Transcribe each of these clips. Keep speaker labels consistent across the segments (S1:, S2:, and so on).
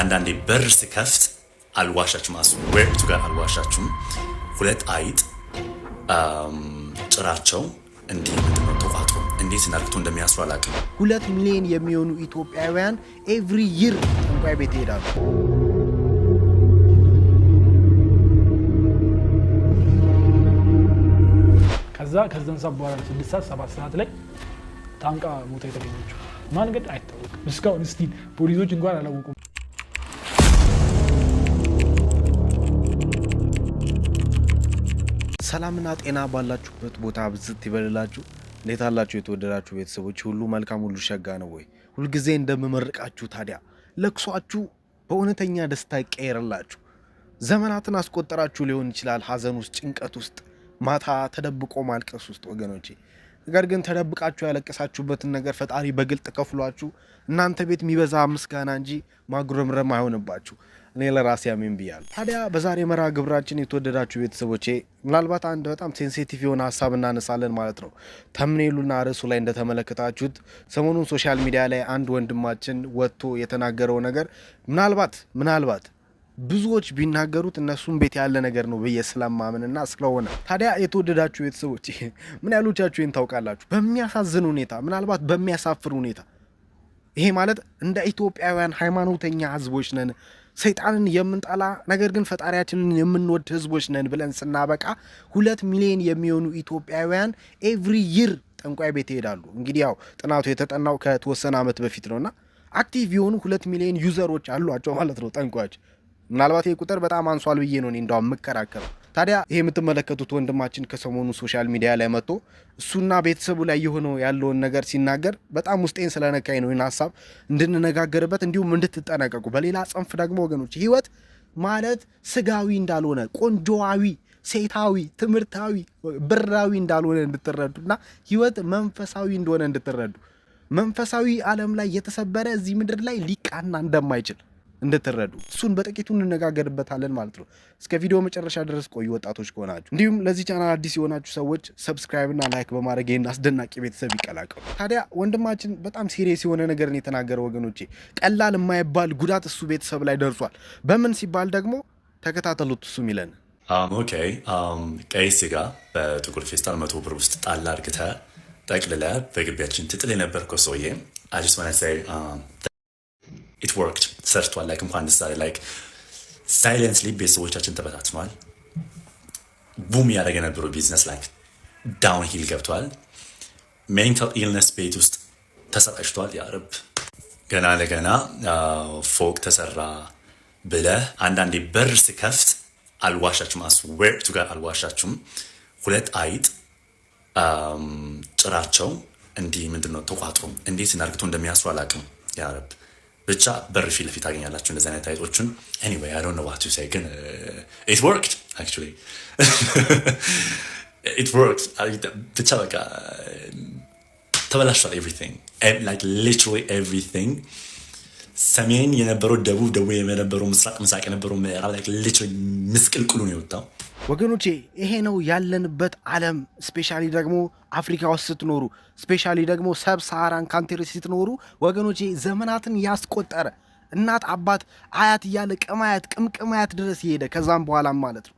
S1: አንዳንዴ በር ስከፍት አልዋሻችሁም፣ አስዌርቱ ጋር አልዋሻችሁም። ሁለት አይጥ ጭራቸው እንዲህ ምንድነው ተቋጥሮ እንዴት ናርክቶ እንደሚያስሩ አላውቅም።
S2: ሁለት ሚሊዮን የሚሆኑ ኢትዮጵያውያን ኤቭሪ ይር ጠንቋይ ቤት ይሄዳሉ።
S3: ከዛ ከዛን ሰዓት በኋላ ስድስት ሰዓት ሰባት ሰዓት ላይ ታንቃ ሞታ የተገኘችው ማንገድ አይታወቅም። እስካሁን ስቲል ፖሊሶች እንኳን አላወቁም።
S4: ሰላምና ጤና ባላችሁበት ቦታ ብዝት ይበልላችሁ። እንዴት አላችሁ? የተወደዳችሁ ቤተሰቦች ሁሉ መልካም ሁሉ ሸጋ ነው ወይ? ሁልጊዜ እንደምመርቃችሁ ታዲያ ለቅሷችሁ በእውነተኛ ደስታ ይቀየርላችሁ። ዘመናትን አስቆጠራችሁ ሊሆን ይችላል ሀዘን ውስጥ፣ ጭንቀት ውስጥ፣ ማታ ተደብቆ ማልቀስ ውስጥ ወገኖቼ ነገር ግን ተደብቃችሁ ያለቀሳችሁበትን ነገር ፈጣሪ በግልጥ ከፍሏችሁ እናንተ ቤት የሚበዛ ምስጋና እንጂ ማጉረምረም አይሆንባችሁ። እኔ ለራሴ አሜን ብያለሁ። ታዲያ በዛሬ መርሃ ግብራችን የተወደዳችሁ ቤተሰቦቼ ምናልባት አንድ በጣም ሴንሲቲቭ የሆነ ሀሳብ እናነሳለን ማለት ነው። ተምኔሉና ርዕሱ ላይ እንደተመለከታችሁት ሰሞኑን ሶሻል ሚዲያ ላይ አንድ ወንድማችን ወጥቶ የተናገረው ነገር ምናልባት ምናልባት ብዙዎች ቢናገሩት እነሱም ቤት ያለ ነገር ነው ብዬ ስለማምንና ስለሆነ ታዲያ የተወደዳችሁ ቤተሰቦች ምን ያሎቻችሁ ይህን ታውቃላችሁ? በሚያሳዝን ሁኔታ ምናልባት በሚያሳፍር ሁኔታ ይሄ ማለት እንደ ኢትዮጵያውያን ሃይማኖተኛ ህዝቦች ነን ሰይጣንን የምንጠላ ነገር ግን ፈጣሪያችንን የምንወድ ህዝቦች ነን ብለን ስናበቃ ሁለት ሚሊዮን የሚሆኑ ኢትዮጵያውያን ኤቭሪ ይር ጠንቋይ ቤት ይሄዳሉ። እንግዲህ ያው ጥናቱ የተጠናው ከተወሰነ ዓመት በፊት ነውና አክቲቭ የሆኑ ሁለት ሚሊዮን ዩዘሮች አሏቸው ማለት ነው ጠንቋዮች። ምናልባት ይህ ቁጥር በጣም አንሷል ብዬ ነው እኔ እንደው የምከራከረው። ታዲያ ይሄ የምትመለከቱት ወንድማችን ከሰሞኑ ሶሻል ሚዲያ ላይ መጥቶ እሱና ቤተሰቡ ላይ የሆነው ያለውን ነገር ሲናገር በጣም ውስጤን ስለነካኝ ነው ይህን ሀሳብ እንድንነጋገርበት እንዲሁም እንድትጠነቀቁ። በሌላ ጽንፍ ደግሞ ወገኖች ህይወት ማለት ስጋዊ እንዳልሆነ ቆንጆዋዊ፣ ሴታዊ፣ ትምህርታዊ፣ ብራዊ እንዳልሆነ እንድትረዱና ህይወት መንፈሳዊ እንደሆነ እንድትረዱ መንፈሳዊ ዓለም ላይ የተሰበረ እዚህ ምድር ላይ ሊቃና እንደማይችል እንድትረዱ እሱን በጥቂቱ እንነጋገርበታለን ማለት ነው። እስከ ቪዲዮ መጨረሻ ድረስ ቆዩ ወጣቶች ከሆናችሁ። እንዲሁም ለዚህ ቻናል አዲስ የሆናችሁ ሰዎች ሰብስክራይብና ላይክ በማድረግ ይህን አስደናቂ ቤተሰብ ይቀላቀሉ። ታዲያ ወንድማችን በጣም ሲሪየስ የሆነ ነገርን የተናገረ ወገኖቼ፣ ቀላል የማይባል ጉዳት እሱ ቤተሰብ ላይ ደርሷል። በምን ሲባል ደግሞ ተከታተሉት። እሱም ይለን
S1: ኦኬ፣ ቀይ ስጋ በጥቁር ፌስታል መቶ ብር ውስጥ ጣል አድርግተህ ጠቅልለህ በግቢያችን ትጥል የነበርከው ሰውዬ ኢት ወርክድ ሰርቷል። ላይክ እንኳን ዛሬ ላይክ ሳይለንስሊ ቤተሰቦቻችን ተበታትኗል። ቡም እያደረገ የነበረው ቢዝነስ ላይክ ዳውን ሂል ገብቷል። ሜንታል ኢልነስ ቤት ውስጥ ተሰራጭቷል። የአረብ ገና ለገና ፎቅ ተሰራ ብለህ አንዳንዴ በር ስከፍት አልዋሻችሁም፣ አስዌርቱ ጋር አልዋሻችሁም። ሁለት አይጥ ጭራቸው እንዲህ ምንድን ነው ተቋጥሮ እንዴት ናርግቶ እንደሚያስሩ አላውቅም። የአረብ ብቻ በር ፊት ለፊት ታገኛላችሁ እንደዚህ አይነት አይጦችን። ኤኒዌይ አይ ዶንት ኖ ዋት ቱ ሴይ ግን ኢት ወርክድ አክቹሊ ኢት ወርክድ። ብቻ በቃ uh, ተበላሽቷል ኤቭሪቲንግ ላይክ ሊትራሊ ኤቭሪቲንግ ሰሜን የነበረው ደቡብ፣ ደቡብ የነበረው ምስራቅ፣ ምስራቅ የነበረው ምዕራብ ላይክ ሊትራሊ ምስቅልቅሉ ነው የወጣው።
S4: ወገኖቼ ይሄ ነው ያለንበት ዓለም። ስፔሻሊ ደግሞ አፍሪካ ውስጥ ስትኖሩ፣ ስፔሻሊ ደግሞ ሰብ ሳሃራን ካንትሪ ስትኖሩ ወገኖቼ ዘመናትን ያስቆጠረ እናት አባት አያት እያለ ቅማያት ቅምቅማያት ድረስ የሄደ ከዛም በኋላም ማለት ነው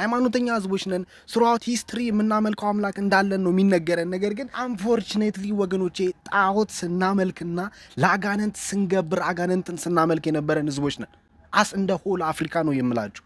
S4: ሃይማኖተኛ ህዝቦች ነን። ስርዓት ሂስትሪ የምናመልከው አምላክ እንዳለን ነው የሚነገረን። ነገር ግን አንፎርችኔትሊ ወገኖቼ ጣዖት ስናመልክና ለአጋነንት ስንገብር አጋነንትን ስናመልክ የነበረን ህዝቦች ነን። አስ እንደ ሆል አፍሪካ ነው የምላችሁ።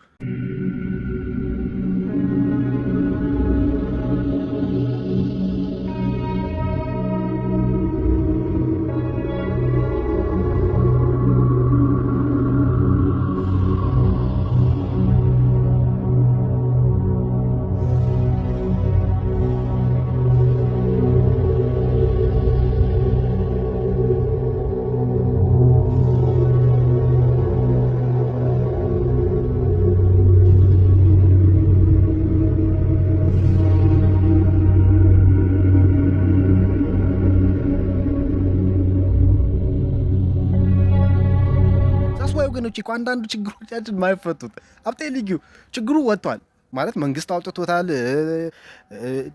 S4: እኮ አንዳንዱ ችግሮቻችን ማይፈቱት አብጤ ልዩ ችግሩ ወጥቷል ማለት መንግስት አውጥቶታል፣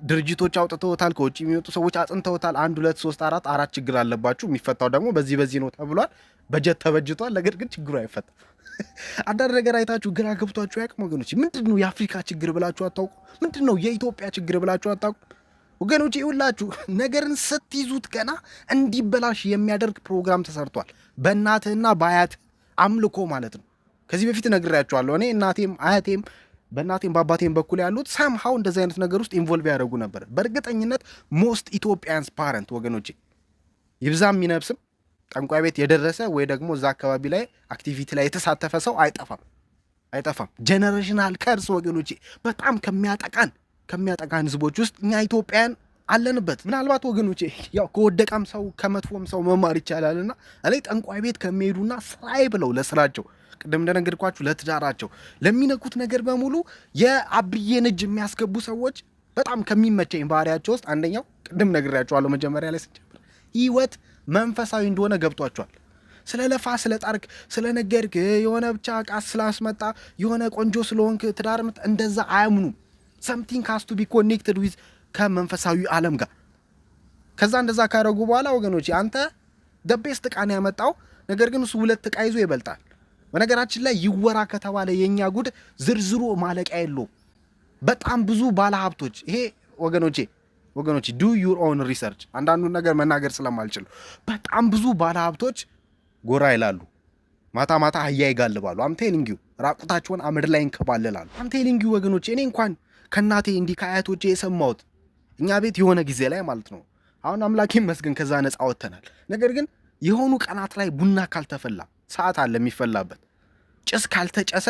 S4: ድርጅቶች አውጥቶታል፣ ከውጭ የሚመጡ ሰዎች አጽንተውታል። አንድ ሁለት ሶስት አራት አራት ችግር አለባችሁ የሚፈታው ደግሞ በዚህ በዚህ ነው ተብሏል። በጀት ተበጅቷል። ነገር ግን ችግሩ አይፈታ። አንዳንድ ነገር አይታችሁ ግራ ገብቷችሁ ያቅም ወገኖች፣ ምንድን ነው የአፍሪካ ችግር ብላችሁ አታውቁ? ምንድን ነው የኢትዮጵያ ችግር ብላችሁ አታውቁ? ወገኖች ይውላችሁ ነገርን ስትይዙት ገና እንዲበላሽ የሚያደርግ ፕሮግራም ተሰርቷል። በእናትህና በአያትህ አምልኮ ማለት ነው። ከዚህ በፊት ነግሬያቸዋለሁ። እኔ እናቴም አያቴም በእናቴም በአባቴም በኩል ያሉት ሳምሃው እንደዚህ አይነት ነገር ውስጥ ኢንቮልቭ ያደረጉ ነበር። በእርግጠኝነት ሞስት ኢትዮጵያንስ ፓረንት ወገኖቼ፣ ይብዛም የሚነብስም ጠንቋይ ቤት የደረሰ ወይ ደግሞ እዛ አካባቢ ላይ አክቲቪቲ ላይ የተሳተፈ ሰው አይጠፋም አይጠፋም። ጀነሬሽናል ከርስ ወገኖቼ በጣም ከሚያጠቃን ከሚያጠቃን ህዝቦች ውስጥ እኛ ኢትዮጵያን አለንበት። ምናልባት ወገኖቼ ያው ከወደቀም ሰው ከመጥፎም ሰው መማር ይቻላልና እላይ ጠንቋይ ቤት ከሚሄዱና ስራዬ ብለው ለስራቸው ቅድም እንደነገርኳችሁ ለትዳራቸው ለሚነኩት ነገር በሙሉ የአብዬን እጅ የሚያስገቡ ሰዎች በጣም ከሚመቸኝ ባህሪያቸው ውስጥ አንደኛው ቅድም ነግሬያቸዋለሁ መጀመሪያ ላይ ስጀምር ህይወት መንፈሳዊ እንደሆነ ገብቷቸዋል። ስለ ለፋ፣ ስለ ጣርክ፣ ስለ ነገርክ፣ የሆነ ብቻ ቃስ ስላስመጣ፣ የሆነ ቆንጆ ስለሆንክ ትዳር እንደዛ አያምኑም። ሰምቲንግ ካስቱ ቢ ኮኔክትድ ዊዝ ከመንፈሳዊ ዓለም ጋር ከዛ እንደዛ ካረጉ በኋላ ወገኖች አንተ ደቤስ ጥቃን ያመጣው፣ ነገር ግን እሱ ሁለት ዕቃ ይዞ ይበልጣል። በነገራችን ላይ ይወራ ከተባለ የእኛ ጉድ ዝርዝሩ ማለቂያ የለው። በጣም ብዙ ባለሀብቶች ይሄ ወገኖቼ ወገኖች ዱ ዩር ኦን ሪሰርች፣ አንዳንዱን ነገር መናገር ስለማልችል በጣም ብዙ ባለሀብቶች ጎራ ይላሉ። ማታ ማታ አህያ ይጋልባሉ። አምቴሊንጊው ራቁታቸውን አምድ ላይ ይንከባልላሉ። አምቴሊንጊው ወገኖች እኔ እንኳን ከእናቴ እንዲህ ከአያቶቼ የሰማሁት እኛ ቤት የሆነ ጊዜ ላይ ማለት ነው። አሁን አምላኬ ይመስገን ከዛ ነፃ ወጥተናል። ነገር ግን የሆኑ ቀናት ላይ ቡና ካልተፈላ ሰዓት አለ የሚፈላበት፣ ጭስ ካልተጨሰ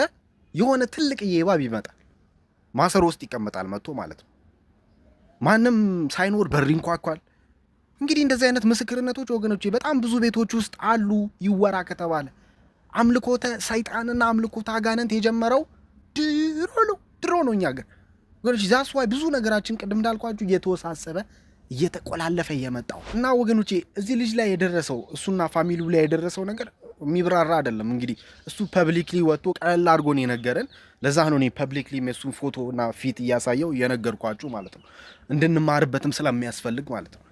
S4: የሆነ ትልቅዬ እባብ ይመጣል፣ ማሰሮ ውስጥ ይቀመጣል መጥቶ ማለት ነው። ማንም ሳይኖር በር ይንኳኳል። እንግዲህ እንደዚህ አይነት ምስክርነቶች ወገኖች በጣም ብዙ ቤቶች ውስጥ አሉ። ይወራ ከተባለ አምልኮተ ሰይጣንና አምልኮተ አጋንንት የጀመረው ድሮ ነው ድሮ ነው እኛ ጋር ወገኖች ዛስ ዋይ ብዙ ነገራችን ቅድም እንዳልኳችሁ እየተወሳሰበ እየተቆላለፈ የመጣው እና ወገኖቼ እዚህ ልጅ ላይ የደረሰው እሱና ፋሚሊው ላይ የደረሰው ነገር የሚብራራ አይደለም። እንግዲህ እሱ ፐብሊክሊ ወጥቶ ቀለል አድርጎን የነገረን ለዛ ነው እኔ ፐብሊክሊ የሱን ፎቶ እና ፊት እያሳየው የነገርኳችሁ ማለት ነው፣ እንድንማርበትም ስለሚያስፈልግ ማለት ነው።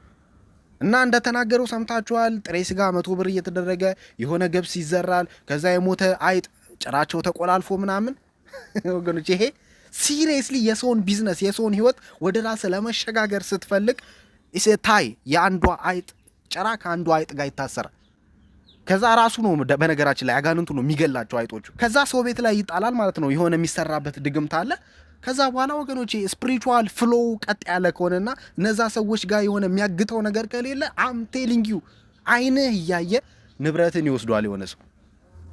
S4: እና እንደተናገረው ሰምታችኋል። ጥሬ ስጋ መቶ ብር እየተደረገ የሆነ ገብስ ይዘራል፣ ከዛ የሞተ አይጥ ጭራቸው ተቆላልፎ ምናምን ወገኖች ይሄ ሲሪየስሊ የሰውን ቢዝነስ የሰውን ህይወት ወደ ራስ ለመሸጋገር ስትፈልግ ታይ የአንዷ አይጥ ጭራ ከአንዷ አይጥ ጋር ይታሰራል። ከዛ ራሱ ነው በነገራችን ላይ አጋንንቱ ነው የሚገላቸው አይጦቹ። ከዛ ሰው ቤት ላይ ይጣላል ማለት ነው። የሆነ የሚሰራበት ድግምት አለ። ከዛ በኋላ ወገኖች ስፕሪቹዋል ፍሎው ቀጥ ያለ ከሆነና እነዛ ሰዎች ጋር የሆነ የሚያግተው ነገር ከሌለ አም ቴሊንግ ዩ አይንህ እያየ ንብረትን ይወስዷል። የሆነ ሰው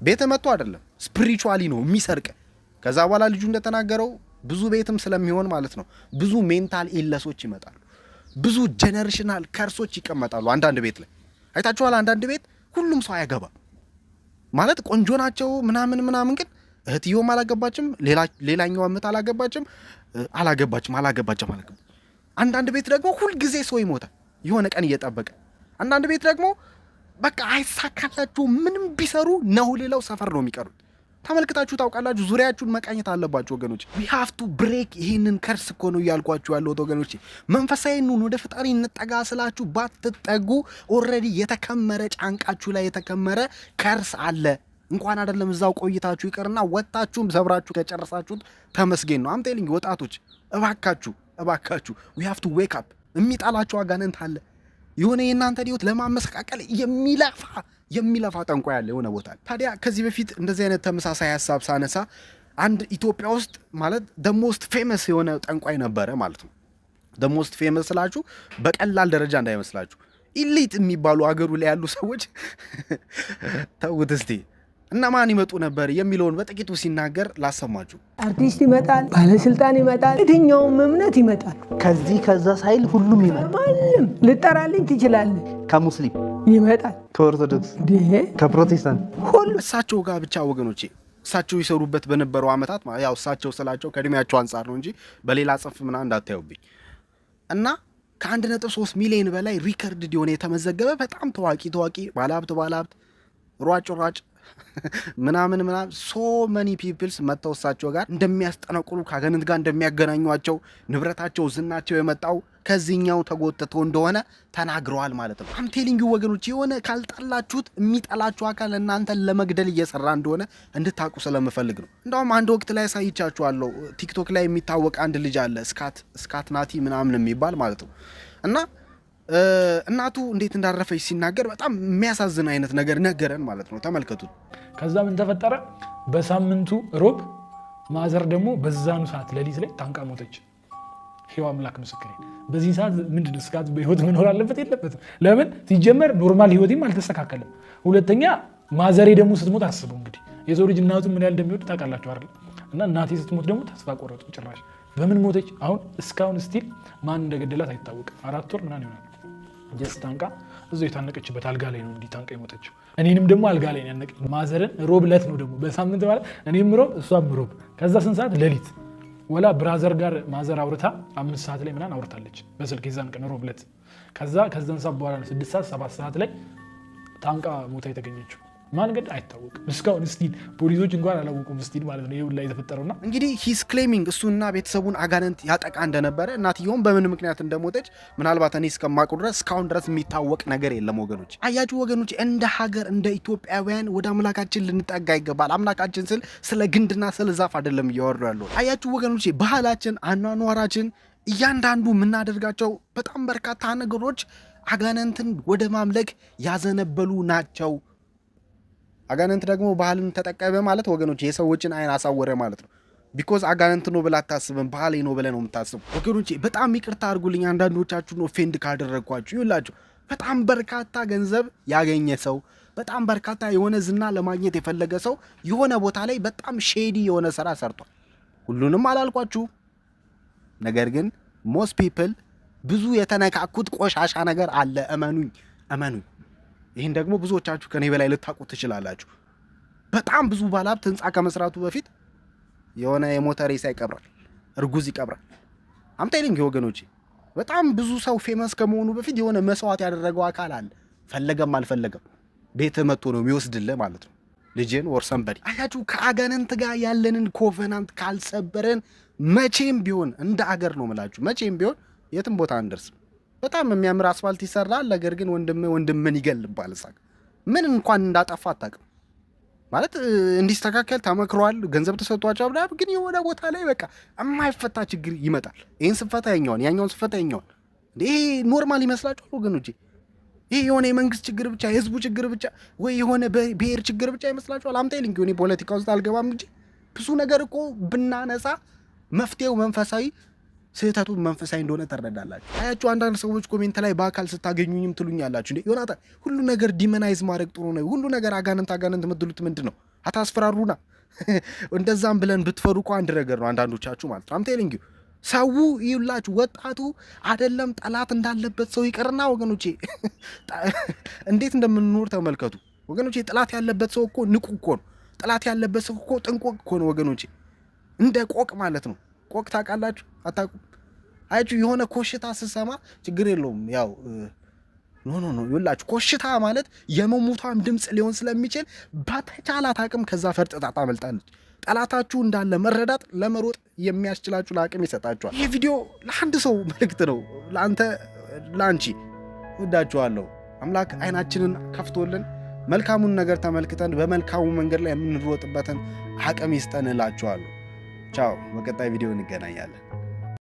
S4: ቤተ መጥቶ አይደለም ስፕሪቹዋሊ ነው የሚሰርቅ። ከዛ በኋላ ልጁ እንደተናገረው ብዙ ቤትም ስለሚሆን ማለት ነው ብዙ ሜንታል ኢለሶች ይመጣሉ። ብዙ ጀነሬሽናል ከርሶች ይቀመጣሉ። አንዳንድ ቤት ላይ አይታችኋል። አንዳንድ ቤት ሁሉም ሰው አያገባ ማለት ቆንጆ ናቸው ምናምን ምናምን፣ ግን እህትዮም አላገባችም፣ ሌላኛዋ ምት አላገባችም፣ አላገባችም፣ አላገባችም፣ አላገባችም። አንዳንድ ቤት ደግሞ ሁልጊዜ ሰው ይሞታል የሆነ ቀን እየጠበቀ። አንዳንድ ቤት ደግሞ በቃ አይሳካላቸው ምንም ቢሰሩ ነው ሌላው ሰፈር ነው የሚቀሩት። ተመልክታችሁ ታውቃላችሁ። ዙሪያችሁን መቃኘት አለባችሁ ወገኖች። ዊ ሃቭ ቱ ብሬክ። ይህንን ከርስ እኮ ነው እያልኳችሁ ያለሁት ወገኖች። መንፈሳዊ ኑን ወደ ፈጣሪ እንጠጋ ስላችሁ ባትጠጉ ኦልሬዲ የተከመረ ጫንቃችሁ ላይ የተከመረ ከርስ አለ። እንኳን አይደለም እዛው ቆይታችሁ ይቅርና ወጣችሁም ሰብራችሁ ከጨረሳችሁት ተመስገን ነው። አምጤልኝ ወጣቶች፣ እባካችሁ እባካችሁ ዊ ሃቭ ቱ ዌክ አፕ። የሚጣላችሁ አጋንንት አለ። የሆነ የእናንተ ህይወት ለማመሰቃቀል የሚለፋ የሚለፋ ጠንቋ ያለ የሆነ ቦታ። ታዲያ ከዚህ በፊት እንደዚህ አይነት ተመሳሳይ ሀሳብ ሳነሳ አንድ ኢትዮጵያ ውስጥ ማለት ደሞስት ፌመስ የሆነ ጠንቋይ ነበረ ማለት ነው። ደሞስት ፌመስ ስላችሁ በቀላል ደረጃ እንዳይመስላችሁ ኢሊት የሚባሉ አገሩ ላይ ያሉ ሰዎች ተውት እስቲ እና ማን ይመጡ ነበር የሚለውን በጥቂቱ ሲናገር ላሰማችሁ።
S5: አርቲስት ይመጣል፣ ባለስልጣን ይመጣል፣ የትኛውም እምነት ይመጣል።
S6: ከዚህ ከዛ ሳይል ሁሉም ይመጣል።
S7: ማንም ልጠራልኝ ትችላለህ።
S8: ከሙስሊም
S9: ይመጣል፣
S10: ከኦርቶዶክስ፣
S11: ከፕሮቴስታንት
S12: ሁሉ
S4: እሳቸው ጋር ብቻ ወገኖቼ እሳቸው ይሰሩበት በነበረው ዓመታት ያው እሳቸው ስላቸው ከእድሜያቸው አንጻር ነው እንጂ በሌላ ጽንፍ ምና እንዳታዩብኝ እና ከአንድ ነጥብ ሶስት ሚሊዮን በላይ ሪከርድ የሆነ የተመዘገበ በጣም ታዋቂ ታዋቂ ባለሀብት ባለሀብት ሯጭ ሯጭ ምናምን ምናምን ሶ መኒ ፒፕልስ መጥተው እሳቸው ጋር እንደሚያስጠነቁሉ ከአገንት ጋር እንደሚያገናኟቸው ንብረታቸው፣ ዝናቸው የመጣው ከዚህኛው ተጎትተው እንደሆነ ተናግረዋል ማለት ነው። አምቴሊንግ ወገኖች የሆነ ካልጠላችሁት የሚጠላችሁ አካል እናንተን ለመግደል እየሰራ እንደሆነ እንድታቁ ስለምፈልግ ነው። እንደውም አንድ ወቅት ላይ ያሳይቻችኋለሁ። ቲክቶክ ላይ የሚታወቅ አንድ ልጅ አለ ስካት ስካት ናቲ ምናምን የሚባል ማለት ነው እና እናቱ እንዴት እንዳረፈች ሲናገር በጣም የሚያሳዝን አይነት ነገር ነገረን ማለት ነው። ተመልከቱት።
S3: ከዛ ምን ተፈጠረ? በሳምንቱ ሮብ ማዘር ደግሞ በዛኑ ሰዓት ሌሊት ላይ ታንቃ ሞተች። ሄዋ አምላክ ምስክር። በዚህ ሰዓት ምንድን ስጋት? በህይወት መኖር አለበት የለበትም? ለምን ሲጀመር ኖርማል ህይወትም አልተስተካከለም። ሁለተኛ ማዘሬ ደግሞ ስትሞት አስቡ እንግዲህ የሰው ልጅ እናቱ ምን ያህል እንደሚወድ ታውቃላችሁ አይደል? እና እናቴ ስትሞት ደግሞ ተስፋ ቆረጡ። ጭራሽ በምን ሞተች? አሁን እስካሁን ስቲል ማን እንደገደላት አይታወቅም። አራት ወር ምናምን ይሆናል ጀስ ታንቃ እዚሁ የታነቀችበት አልጋ ላይ ነው እንዲህ ታንቃ የሞተችው። እኔንም ደግሞ አልጋ ላይ ያነቀ ያነቀኝ። ማዘርን ሮብ ለት ነው ደግሞ በሳምንት ማለት እኔም ሮብ እሷም ሮብ። ከዛ ስንት ሰዓት ሌሊት ወላ ብራዘር ጋር ማዘር አውርታ አምስት ሰዓት ላይ ምናምን አውርታለች በስልክ የዛን ቀን ሮብ ለት። ከዛ ከዛን ሰዓት በኋላ ነው ስድስት ሰዓት ሰባት ሰዓት ላይ ታንቃ ሞታ የተገኘችው። ማንገድ አይታወቅም እስካሁን ስቲል ፖሊሶች እንኳን አላወቁም ስቲል ማለት ነው ይሁን ላይ የተፈጠረውና
S4: እንግዲህ ሂስ ክሌሚንግ እሱና ቤተሰቡን አጋንንት ያጠቃ እንደነበረ እናትየውም በምን ምክንያት እንደሞተች ምናልባት እኔ እስከማቁ ድረስ እስካሁን ድረስ የሚታወቅ ነገር የለም ወገኖች አያጩ ወገኖች እንደ ሀገር እንደ ኢትዮጵያውያን ወደ አምላካችን ልንጠጋ ይገባል አምላካችን ስል ስለ ግንድና ስለ ዛፍ አይደለም እያወሩ ያለው አያጩ ወገኖች ባህላችን አኗኗራችን እያንዳንዱ የምናደርጋቸው በጣም በርካታ ነገሮች አጋንንትን ወደ ማምለክ ያዘነበሉ ናቸው አጋንንት ደግሞ ባህልን ተጠቀመ ማለት ወገኖች የሰዎችን አይን አሳወረ ማለት ነው። ቢኮዝ አጋንንት ነው ብላ አታስብም፣ ባህሌ ነው ብለ ነው የምታስቡ። ወገኖች በጣም ይቅርታ አድርጉልኝ አንዳንዶቻችሁን ኦፌንድ ካደረግኳችሁ። ይውላችሁ በጣም በርካታ ገንዘብ ያገኘ ሰው በጣም በርካታ የሆነ ዝና ለማግኘት የፈለገ ሰው የሆነ ቦታ ላይ በጣም ሼዲ የሆነ ስራ ሰርቷል። ሁሉንም አላልኳችሁ፣ ነገር ግን ሞስት ፒፕል ብዙ የተነካኩት ቆሻሻ ነገር አለ። እመኑኝ እመኑኝ። ይህን ደግሞ ብዙዎቻችሁ ከኔ በላይ ልታውቁት ትችላላችሁ። በጣም ብዙ ባለሀብት ህንፃ ከመስራቱ በፊት የሆነ የሞተ ሬሳ ይቀብራል፣ እርጉዝ ይቀብራል። አምታይሊንግ ወገኖች፣ በጣም ብዙ ሰው ፌመስ ከመሆኑ በፊት የሆነ መስዋዕት ያደረገው አካል አለ። ፈለገም አልፈለገም ቤትህ መጥቶ ነው የሚወስድልህ ማለት ነው ልጅን ወርሰን በዲ አያችሁ ከአጋንንት ጋር ያለንን ኮቨናንት ካልሰበረን መቼም ቢሆን እንደ አገር ነው ምላችሁ፣ መቼም ቢሆን የትም ቦታ አንደርስም። በጣም የሚያምር አስፋልት ይሰራል። ነገር ግን ወንድም ወንድምን ይገልባል። ሳቅ ምን እንኳን እንዳጠፋ አታውቅም። ማለት እንዲስተካከል ተመክሯል፣ ገንዘብ ተሰጥቷቸው ምናምን፣ ግን የሆነ ቦታ ላይ በቃ የማይፈታ ችግር ይመጣል። ይህን ስፈታ የኛውን፣ ያኛውን ስፈታ የኛውን። ይሄ ኖርማል ይመስላችኋል ወገኖቼ? ይህ የሆነ የመንግስት ችግር ብቻ የህዝቡ ችግር ብቻ ወይ የሆነ ብሔር ችግር ብቻ ይመስላችኋል? አምጣይ ልንግ ሆኔ ፖለቲካ ውስጥ አልገባም እንጂ ብዙ ነገር እኮ ብናነሳ መፍትሄው መንፈሳዊ ስህተቱ መንፈሳዊ እንደሆነ ትረዳላችሁ። አያችሁ አንዳንድ ሰዎች ኮሜንት ላይ በአካል ስታገኙኝም ትሉኛላችሁ፣ እንዴ ዮናታን ሁሉ ነገር ዲመናይዝ ማድረግ ጥሩ ነው፣ ሁሉ ነገር አጋንንት አጋንንት ምትሉት ምንድን ነው? አታስፈራሩና። እንደዛም ብለን ብትፈሩ እኮ አንድ ነገር ነው። አንዳንዶቻችሁ ማለት ነው አምቴልንጊ ሰው ይላችሁ ወጣቱ አይደለም ጠላት እንዳለበት ሰው ይቅርና ወገኖቼ እንዴት እንደምንኖር ተመልከቱ ወገኖቼ። ጠላት ያለበት ሰው እኮ ንቁ እኮ ነው። ጠላት ያለበት ሰው እኮ ጥንቁቅ እኮ ነው ወገኖቼ፣ እንደ ቆቅ ማለት ነው። ቆቅ ታውቃላችሁ አታውቁ? አያችሁ የሆነ ኮሽታ ስሰማ ችግር የለውም ያው ኖ ኖ ኖ ይላችሁ ኮሽታ ማለት የመሞቷም ድምፅ ሊሆን ስለሚችል በተቻላት አቅም ከዛ ፈርጥጣ ታመልጣለች። ጠላታችሁ እንዳለ መረዳት ለመሮጥ የሚያስችላችሁን አቅም ይሰጣችኋል። ይህ ቪዲዮ ለአንድ ሰው መልእክት ነው፣ ለአንተ ለአንቺ። እወዳችኋለሁ። አምላክ አይናችንን ከፍቶልን መልካሙን ነገር ተመልክተን በመልካሙ መንገድ ላይ የምንሮጥበትን አቅም ይስጠን እላችኋለሁ። ቻው፣ በቀጣይ ቪዲዮ እንገናኛለን።